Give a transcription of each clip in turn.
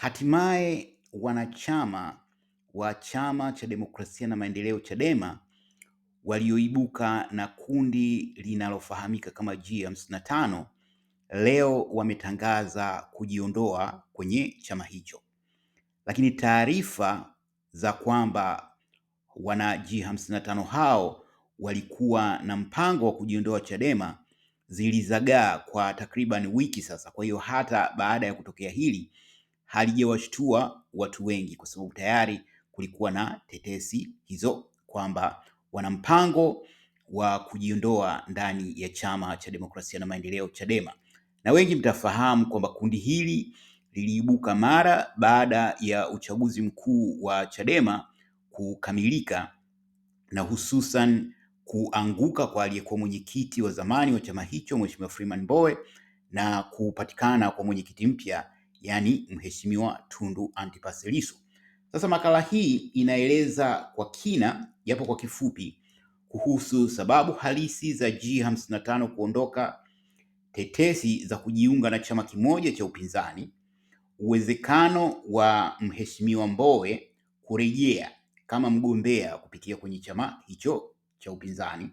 Hatimaye wanachama wa Chama cha Demokrasia na Maendeleo Chadema walioibuka na kundi linalofahamika kama G55 leo wametangaza kujiondoa kwenye chama hicho, lakini taarifa za kwamba wana G55 hao walikuwa na mpango wa kujiondoa Chadema zilizagaa kwa takriban wiki sasa. Kwa hiyo hata baada ya kutokea hili halijawashtua watu wengi, kwa sababu tayari kulikuwa na tetesi hizo kwamba wana mpango wa kujiondoa ndani ya chama cha demokrasia na maendeleo Chadema, na wengi mtafahamu kwamba kundi hili liliibuka mara baada ya uchaguzi mkuu wa Chadema kukamilika na hususan kuanguka kwa aliyekuwa mwenyekiti wa zamani wa chama hicho Mheshimiwa Freeman Mbowe na kupatikana kwa mwenyekiti mpya yaani Mheshimiwa Tundu Antipas Lissu. Sasa makala hii inaeleza kwa kina japo kwa kifupi kuhusu sababu halisi za G55 kuondoka, tetesi za kujiunga na chama kimoja cha upinzani, uwezekano wa Mheshimiwa Mbowe kurejea kama mgombea kupitia kwenye chama hicho cha upinzani,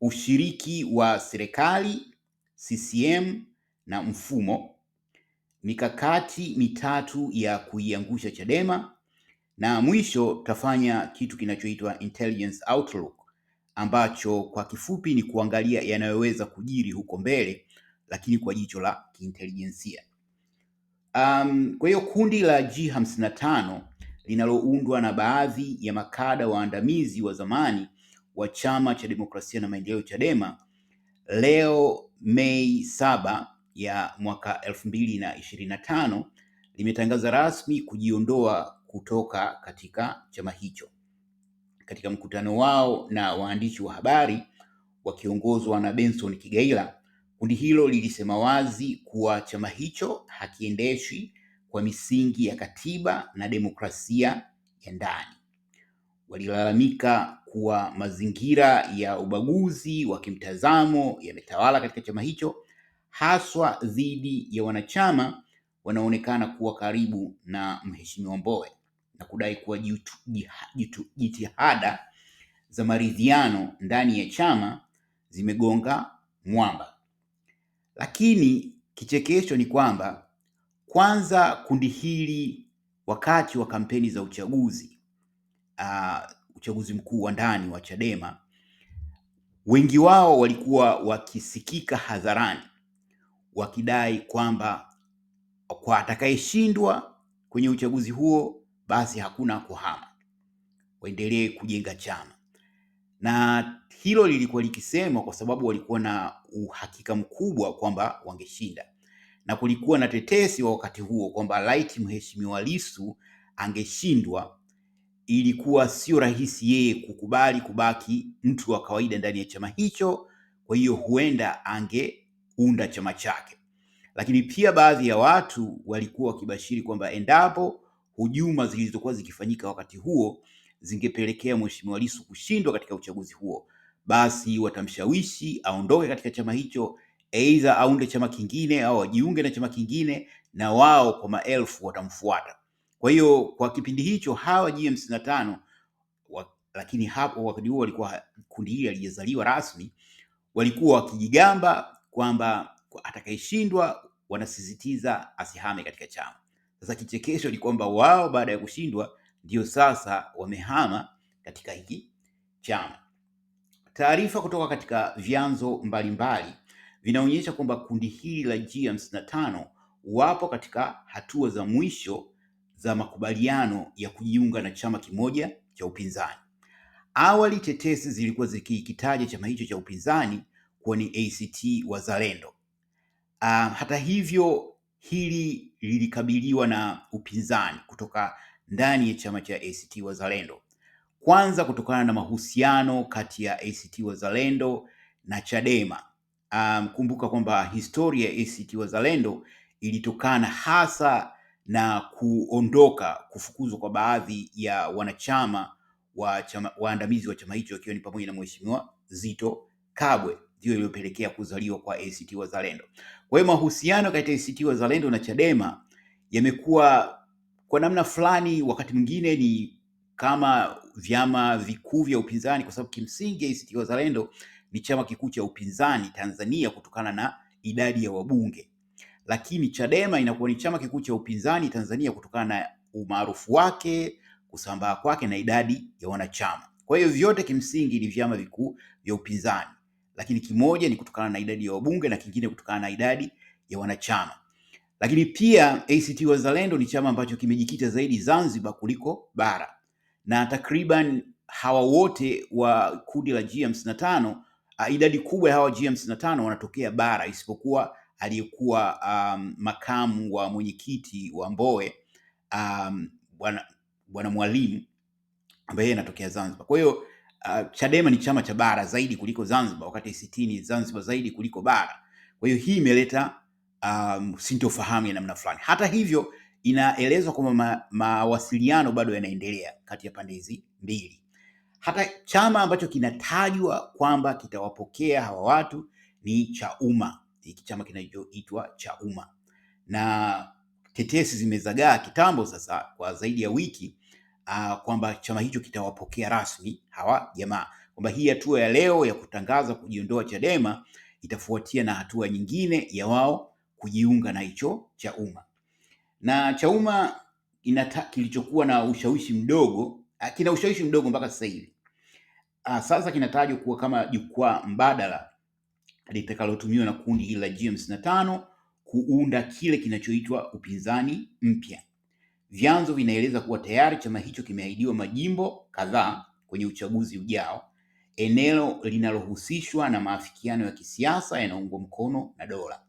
ushiriki wa serikali CCM na mfumo mikakati mitatu ya kuiangusha Chadema, na mwisho tutafanya kitu kinachoitwa intelligence outlook ambacho kwa kifupi ni kuangalia yanayoweza kujiri huko mbele, lakini kwa jicho la kiintelijensia. Um, kwa hiyo kundi la G55 linaloundwa na baadhi ya makada waandamizi wa zamani wa Chama cha Demokrasia na Maendeleo, Chadema, leo Mei saba ya mwaka 2025 limetangaza rasmi kujiondoa kutoka katika chama hicho. Katika mkutano wao na waandishi wa habari wakiongozwa na Benson Kigaila, kundi hilo lilisema wazi kuwa chama hicho hakiendeshwi kwa misingi ya katiba na demokrasia ya ndani. Walilalamika kuwa mazingira ya ubaguzi wa kimtazamo yametawala katika chama hicho haswa dhidi ya wanachama wanaonekana kuwa karibu na Mheshimiwa Mbowe na kudai kuwa jitu, jitu, jitihada za maridhiano ndani ya chama zimegonga mwamba. Lakini kichekesho ni kwamba kwanza kundi hili wakati wa kampeni za uchaguzi uh, uchaguzi mkuu wa ndani wa Chadema wengi wao walikuwa wakisikika hadharani wakidai kwamba kwa atakayeshindwa kwenye uchaguzi huo basi hakuna kuhama, waendelee kujenga chama. Na hilo lilikuwa likisemwa kwa sababu walikuwa na uhakika mkubwa kwamba wangeshinda, na kulikuwa na tetesi wa wakati huo kwamba laiti mheshimiwa Lissu angeshindwa, ilikuwa sio rahisi yeye kukubali kubaki mtu wa kawaida ndani ya chama hicho, kwa hiyo huenda ange kuunda chama chake. Lakini pia baadhi ya watu walikuwa wakibashiri kwamba endapo hujuma zilizokuwa zikifanyika wakati huo zingepelekea Mheshimiwa Lissu kushindwa katika uchaguzi huo, basi watamshawishi aondoke katika chama hicho, aidha aunde chama kingine au ajiunge na chama kingine, na wao kwa maelfu watamfuata. Kwa hiyo kwa kipindi hicho hawa G55 lakini hapo wakati huo walikuwa kundi hili halijazaliwa rasmi, walikuwa wakijigamba kwamba atakayeshindwa wanasisitiza asihame katika chama. Sasa kichekesho ni kwamba wao baada ya kushindwa ndio sasa wamehama katika hiki chama. Taarifa kutoka katika vyanzo mbalimbali vinaonyesha kwamba kundi hili la G55 wapo katika hatua za mwisho za makubaliano ya kujiunga na chama kimoja cha upinzani. Awali tetesi zilikuwa zikikitaja chama hicho cha upinzani kwenye ACT Wazalendo. Uh, hata hivyo hili lilikabiliwa na upinzani kutoka ndani ya chama cha ACT Wazalendo, kwanza kutokana na mahusiano kati ya ACT Wazalendo na Chadema. Um, ah, kumbuka kwamba historia ya ACT Wazalendo ilitokana hasa na kuondoka, kufukuzwa kwa baadhi ya wanachama wa chama, waandamizi wa chama hicho, ikiwa ni pamoja na Mheshimiwa Zito Kabwe ndio iliyopelekea kuzaliwa kwa ACT Wazalendo. Kwa hiyo mahusiano kati ya ACT Wazalendo na Chadema yamekuwa kwa namna fulani, wakati mwingine ni kama vyama vikuu vya upinzani, kwa sababu kimsingi ACT Wazalendo ni chama kikuu cha upinzani Tanzania kutokana na idadi ya wabunge, lakini Chadema inakuwa ni chama kikuu cha upinzani Tanzania kutokana na umaarufu wake, kusambaa kwake na idadi ya wanachama. Kwa hiyo vyote kimsingi ni vyama vikuu vya upinzani lakini kimoja ni kutokana na idadi ya wabunge na kingine kutokana na idadi ya wanachama. Lakini pia ACT Wazalendo ni chama ambacho kimejikita zaidi Zanzibar kuliko bara, na takriban hawa wote wa kundi la G55 idadi kubwa ya hawa G55 wanatokea bara isipokuwa aliyekuwa um, makamu wa mwenyekiti wa Mbowe um, bwana Mwalimu ambaye anatokea Zanzibar. Kwa hiyo uh, Chadema ni chama cha bara zaidi kuliko Zanzibar, wakati ACT ni Zanzibar zaidi kuliko bara. Kwa hiyo hii imeleta um, sintofahamu ya namna fulani. Hata hivyo, inaelezwa kwamba ma, mawasiliano bado yanaendelea kati ya pande hizi mbili. Hata chama ambacho kinatajwa kwamba kitawapokea hawa watu ni cha umma hiki chama kinachoitwa umma na tetesi zimezagaa kitambo sasa kwa zaidi ya wiki uh, kwamba chama hicho kitawapokea rasmi hawa jamaa, kwamba hii hatua ya leo ya kutangaza kujiondoa Chadema itafuatia na hatua nyingine ya wao kujiunga na hicho cha umma Na cha umma kilichokuwa na ushawishi mdogo ah, kina ushawishi mdogo mpaka sasa hivi. Ah, sasa kinatajwa kuwa kama jukwaa mbadala litakalotumiwa na kundi hili la G55 kuunda kile kinachoitwa upinzani mpya. Vyanzo vinaeleza kuwa tayari chama hicho kimeahidiwa majimbo kadhaa kwenye uchaguzi ujao, eneo linalohusishwa na maafikiano ya kisiasa yanaungwa mkono na dola.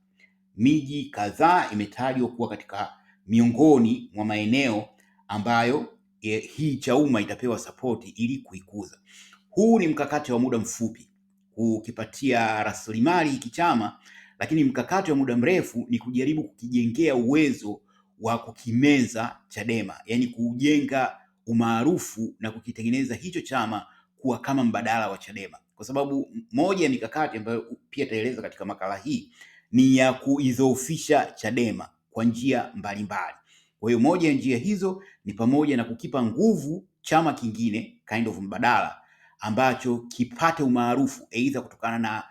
Miji kadhaa imetajwa kuwa katika miongoni mwa maeneo ambayo e, hii chauma itapewa sapoti ili kuikuza. Huu ni mkakati wa muda mfupi kukipatia rasilimali hiki chama, lakini mkakati wa muda mrefu ni kujaribu kukijengea uwezo wa kukimeza Chadema, yaani kuujenga umaarufu na kukitengeneza hicho chama kuwa kama mbadala wa Chadema, kwa sababu moja ya mikakati ambayo pia taeleza katika makala hii ni ya kuidhoofisha Chadema kwa njia mbalimbali. Kwa hiyo moja ya njia hizo ni pamoja na kukipa nguvu chama kingine kind of mbadala ambacho kipate umaarufu aidha kutokana na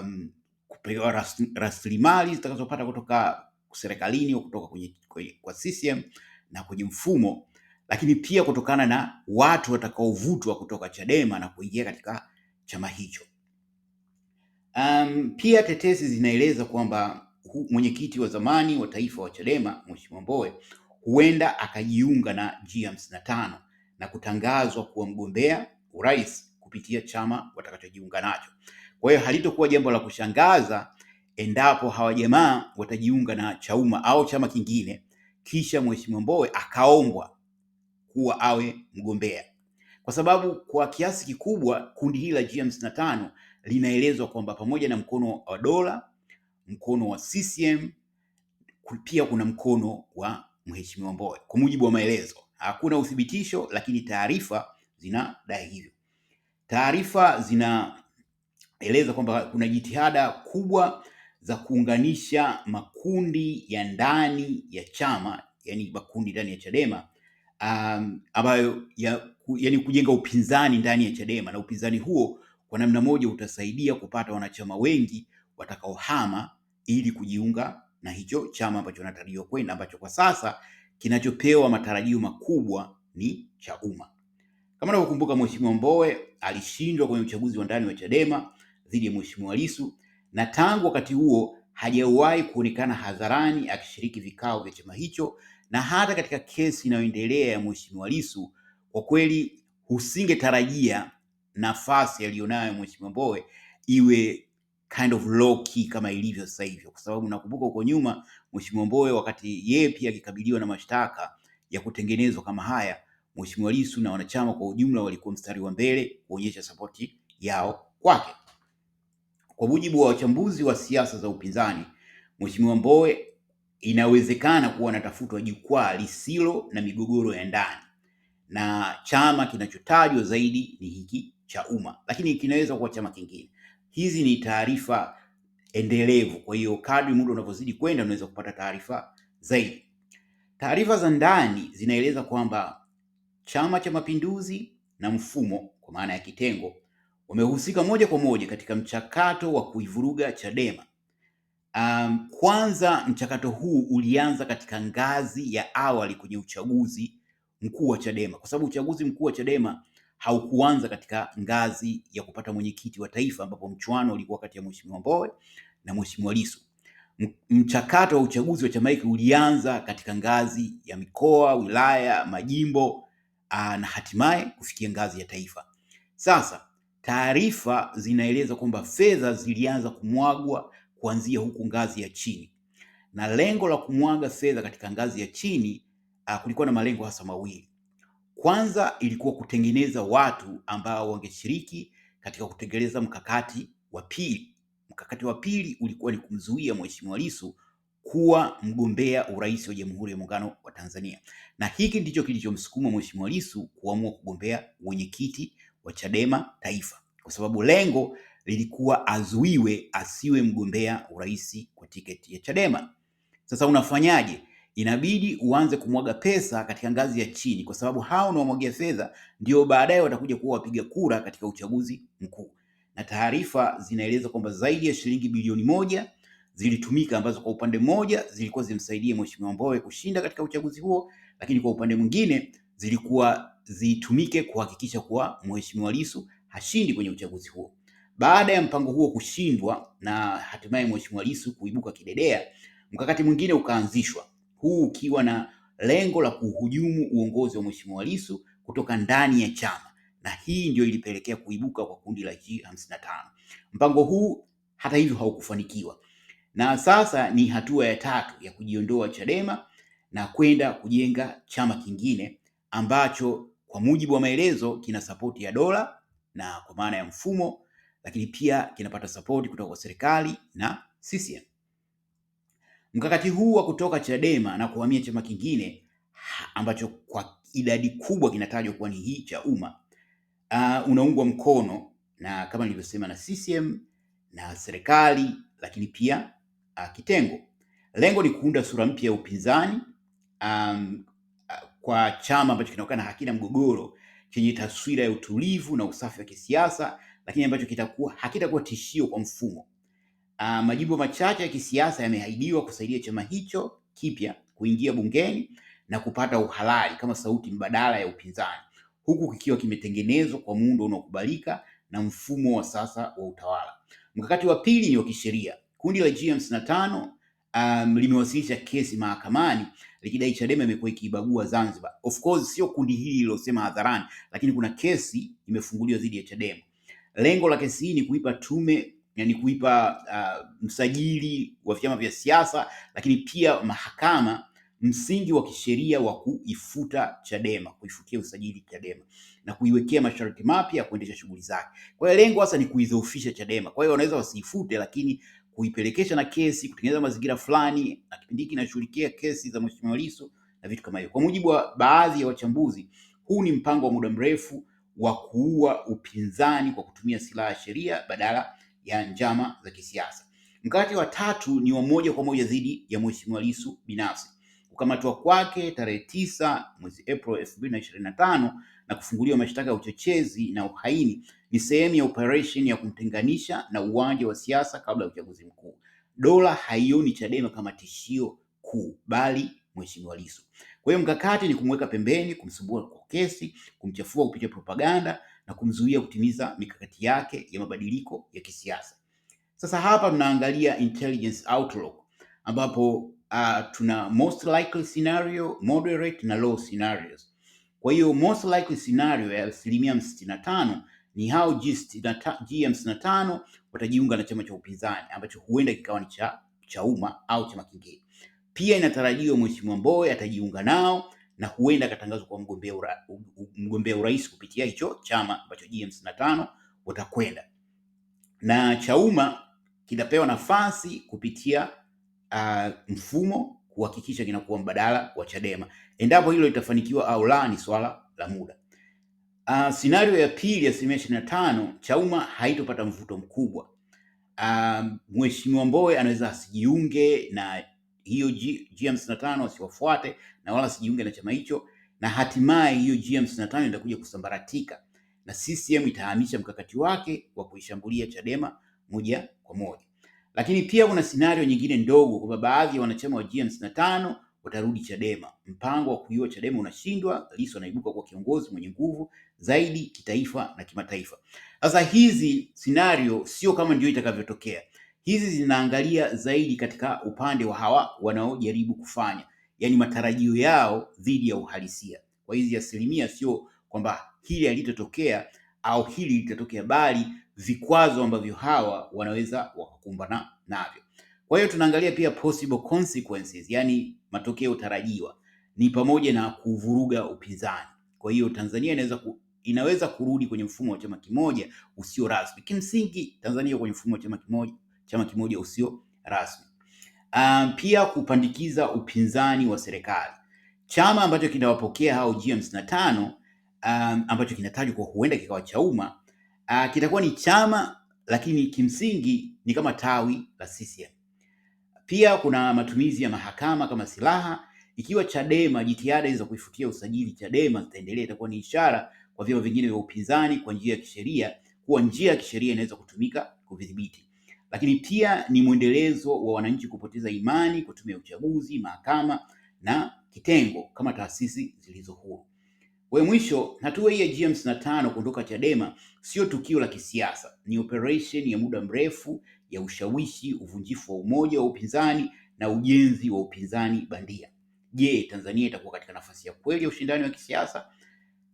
um, kupewa rasilimali zitakazopata kutoka serikalini kutoka kwenye, kwenye, kwa CCM na kwenye mfumo, lakini pia kutokana na watu watakaovutwa kutoka Chadema na kuingia katika chama hicho. Um, pia tetesi zinaeleza kwamba mwenyekiti wa zamani wa taifa wa Chadema Mheshimiwa Mbowe huenda akajiunga na G55 na kutangazwa kuwa mgombea urais kupitia chama watakachojiunga nacho. Kwa hiyo halitokuwa jambo la kushangaza endapo hawa jamaa watajiunga na Chauma au chama kingine, kisha Mheshimiwa Mbowe akaombwa kuwa awe mgombea, kwa sababu kwa kiasi kikubwa kundi hili la G55 linaelezwa kwamba pamoja na mkono wa dola, mkono wa CCM, pia kuna mkono wa Mheshimiwa Mbowe, kwa mujibu wa maelezo. Hakuna uthibitisho, lakini taarifa zinadai hivyo. Taarifa zinaeleza kwamba kuna jitihada kubwa za kuunganisha makundi ya ndani ya chama, yani makundi ndani ya Chadema um, ambayo ya, yani kujenga upinzani ndani ya Chadema, na upinzani huo kwa namna moja utasaidia kupata wanachama wengi watakaohama ili kujiunga na hicho chama ambacho wanatarajiwa kwenda, ambacho kwa sasa kinachopewa matarajio makubwa ni cha umma Kama unavyokumbuka, Mheshimiwa Mbowe alishindwa kwenye uchaguzi wa ndani wa Chadema dhidi ya Mheshimiwa Lissu na tangu wakati huo hajawahi kuonekana hadharani akishiriki vikao vya chama hicho, na hata katika kesi inayoendelea ya Mheshimiwa Lissu, kwa kweli husingetarajia nafasi aliyonayo Mheshimiwa Mbowe iwe kind of low key kama ilivyo sasa hivi, kwa sababu nakumbuka huko nyuma Mheshimiwa Mbowe wakati yeye pia akikabiliwa na mashtaka ya kutengenezwa kama haya, Mheshimiwa Lissu na wanachama kwa ujumla walikuwa mstari wa mbele kuonyesha sapoti yao kwake. Kwa mujibu wa wachambuzi wa siasa za upinzani, Mheshimiwa Mbowe inawezekana kuwa anatafutwa jukwaa lisilo na migogoro ya ndani, na chama kinachotajwa zaidi ni hiki cha Umma, lakini kinaweza kuwa chama kingine. Hizi ni taarifa endelevu, kwa hiyo kadri muda unavyozidi kwenda unaweza kupata taarifa zaidi. Taarifa za ndani zinaeleza kwamba Chama cha Mapinduzi na mfumo kwa maana ya kitengo wamehusika moja kwa moja katika mchakato wa kuivuruga Chadema. Um, kwanza mchakato huu ulianza katika ngazi ya awali kwenye uchaguzi mkuu wa Chadema, kwa sababu uchaguzi mkuu wa Chadema haukuanza katika ngazi ya kupata mwenyekiti wa taifa, ambapo mchuano ulikuwa kati ya Mheshimiwa Mbowe na Mheshimiwa Lissu. Mchakato wa uchaguzi wa chama hiki ulianza katika ngazi ya mikoa, wilaya, majimbo uh, na hatimaye kufikia ngazi ya taifa. Sasa taarifa zinaeleza kwamba fedha zilianza kumwagwa kuanzia huku ngazi ya chini, na lengo la kumwaga fedha katika ngazi ya chini uh, kulikuwa na malengo hasa mawili. Kwanza ilikuwa kutengeneza watu ambao wangeshiriki katika kutekeleza mkakati wa pili. Mkakati wa pili ulikuwa ni kumzuia Mheshimiwa Lissu kuwa mgombea urais wa Jamhuri ya Muungano wa Tanzania, na hiki ndicho kilichomsukuma Mheshimiwa Lissu kuamua kugombea wenyekiti wa Chadema Taifa, kwa sababu lengo lilikuwa azuiwe asiwe mgombea urais kwa tiketi ya Chadema. Sasa unafanyaje? Inabidi uanze kumwaga pesa katika ngazi ya chini, kwa sababu hao unaomwagia fedha ndio baadaye watakuja kuwa wapiga kura katika uchaguzi mkuu, na taarifa zinaeleza kwamba zaidi ya shilingi bilioni moja zilitumika ambazo kwa upande mmoja zilikuwa zimsaidie Mheshimiwa Mbowe kushinda katika uchaguzi huo, lakini kwa upande mwingine zilikuwa zitumike kuhakikisha kuwa Mheshimiwa Lissu hashindi kwenye uchaguzi huo. Baada ya mpango huo kushindwa na hatimaye Mheshimiwa Lissu kuibuka kidedea, mkakati mwingine ukaanzishwa, huu ukiwa na lengo la kuhujumu uongozi wa Mheshimiwa Lissu kutoka ndani ya chama, na hii ndio ilipelekea kuibuka kwa kundi la G55. Mpango huu hata hivyo haukufanikiwa, na sasa ni hatua ya tatu ya kujiondoa Chadema na kwenda kujenga chama kingine ambacho kwa mujibu wa maelezo kina sapoti ya dola na kwa maana ya mfumo, lakini pia kinapata sapoti kutoka kwa serikali na CCM. Mkakati huu wa kutoka Chadema na kuhamia chama kingine ambacho kwa idadi kubwa kinatajwa kuwa ni hii umma uh, unaungwa mkono na kama nilivyosema na CCM na serikali, lakini pia uh, kitengo. Lengo ni kuunda sura mpya ya upinzani um, kwa chama ambacho kinaonekana hakina mgogoro, chenye taswira ya utulivu na usafi wa kisiasa, lakini ambacho kitakuwa hakitakuwa tishio kwa mfumo. Uh, majimbo machache ya kisiasa yameahidiwa kusaidia chama hicho kipya kuingia bungeni na kupata uhalali kama sauti mbadala ya upinzani, huku kikiwa kimetengenezwa kwa muundo unaokubalika na mfumo wa sasa wa utawala. Mkakati wa pili ni wa kisheria. Kundi la G55 um, ah, limewasilisha kesi mahakamani lakini dai Chadema imekuwa ikibagua Zanzibar. Of course sio kundi hili lilosema hadharani, lakini kuna kesi imefunguliwa dhidi ya Chadema. Lengo la kesi hii ni kuipa tume yani kuipa uh, msajili wa vyama vya siasa, lakini pia mahakama msingi wa kisheria wa kuifuta Chadema, kuifutia usajili Chadema na kuiwekea masharti mapya ya kuendesha shughuli zake. Kwa hiyo lengo hasa ni kuidhoofisha Chadema. Kwa hiyo wanaweza wasiifute, lakini kuipelekesha na kesi, kutengeneza mazingira fulani, na kipindi hiki inashughulikia kesi za Mheshimiwa Lissu na vitu kama hivyo. Kwa mujibu wa baadhi ya wachambuzi, huu ni mpango wa muda mrefu wa kuua upinzani kwa kutumia silaha ya sheria badala ya njama za kisiasa. Mkakati wa tatu ni wa moja kwa moja dhidi ya Mheshimiwa Lissu binafsi. Kukamatwa kwake tarehe tisa mwezi April elfu mbili na ishirini na tano na kufunguliwa mashtaka ya uchochezi na uhaini ni sehemu ya operation ya kumtenganisha na uwanja wa siasa kabla ya uchaguzi mkuu. Dola haioni Chadema kama tishio kuu, bali Mheshimiwa Lissu. Kwa hiyo mkakati ni kumweka pembeni, kumsumbua kwa kesi, kumchafua kupitia propaganda na kumzuia kutimiza mikakati yake ya mabadiliko ya kisiasa. Sasa hapa tunaangalia intelligence outlook ambapo uh, tuna most likely scenario, moderate na low scenarios. Kwa hiyo most likely scenario ya asilimia sitini na tano ni hao g tano watajiunga na chama cha upinzani ambacho huenda kikawa ni cha, cha umma au chama kingine. Pia inatarajiwa Mheshimiwa Mbowe atajiunga nao na huenda akatangazwa kwa mgombea ura, mgombea urais kupitia hicho chama ambacho g tano watakwenda na Chauma kitapewa nafasi kupitia uh, mfumo kuhakikisha kinakuwa mbadala wa Chadema. Endapo hilo litafanikiwa au la, ni swala la muda. Uh, scenario ya pili, asilimia ishirini na tano, Chauma haitopata mvuto mkubwa. Uh, Mheshimiwa Mbowe anaweza asijiunge na hiyo G55, asiwafuate na wala asijiunge na chama hicho, na hatimaye hiyo G55 itakuja kusambaratika na CCM itahamisha mkakati wake wa kuishambulia Chadema moja kwa moja. Lakini pia kuna scenario nyingine ndogo kwamba baadhi ya wanachama wa G55 watarudi Chadema. Mpango wa kuiua Chadema unashindwa, Lissu anaibuka kwa kiongozi mwenye nguvu zaidi kitaifa na kimataifa. Sasa hizi scenario sio kama ndio itakavyotokea. Hizi zinaangalia zaidi katika upande wa hawa wanaojaribu kufanya, yaani matarajio yao dhidi ya uhalisia. Kwa hizi asilimia sio kwamba hili halitotokea, au hili litatokea, bali vikwazo ambavyo hawa wanaweza wakakumbana navyo. Kwa hiyo tunaangalia pia possible consequences, yani matokeo tarajiwa ni pamoja na kuvuruga upinzani. Kwa hiyo Tanzania inaweza ku, inaweza kurudi kwenye mfumo wa chama kimoja usio rasmi. Kimsingi Tanzania kwenye mfumo wa chama kimoja chama kimoja usio rasmi. Um, pia kupandikiza upinzani wa serikali. Chama ambacho kinawapokea hao G na tano um, ambacho kinatajwa kwa huenda kikawa cha umma uh, kitakuwa ni chama lakini kimsingi ni kama tawi la CCM. Pia kuna matumizi ya mahakama kama silaha. Ikiwa Chadema jitihada hizo za kuifutia usajili Chadema zitaendelea, itakuwa ni ishara kwa vyama vingine vya upinzani kwa njia ya kisheria kuwa njia ya kisheria inaweza kutumika kudhibiti. Lakini pia ni mwendelezo wa wananchi kupoteza imani kutumia uchaguzi, mahakama na kitengo kama taasisi zilizo huru we mwisho, hatua hii ya G55 kuondoka Chadema sio tukio la kisiasa, ni operation ya muda mrefu ya ushawishi, uvunjifu wa umoja wa upinzani na ujenzi wa upinzani bandia. Je, Tanzania itakuwa katika nafasi ya kweli ya ushindani wa kisiasa?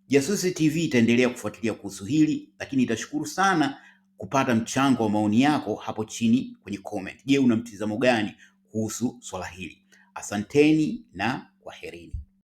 Jasusi TV itaendelea kufuatilia kuhusu hili, lakini itashukuru sana kupata mchango wa maoni yako hapo chini kwenye comment. Je, una mtizamo gani kuhusu swala hili? Asanteni na kwaherini.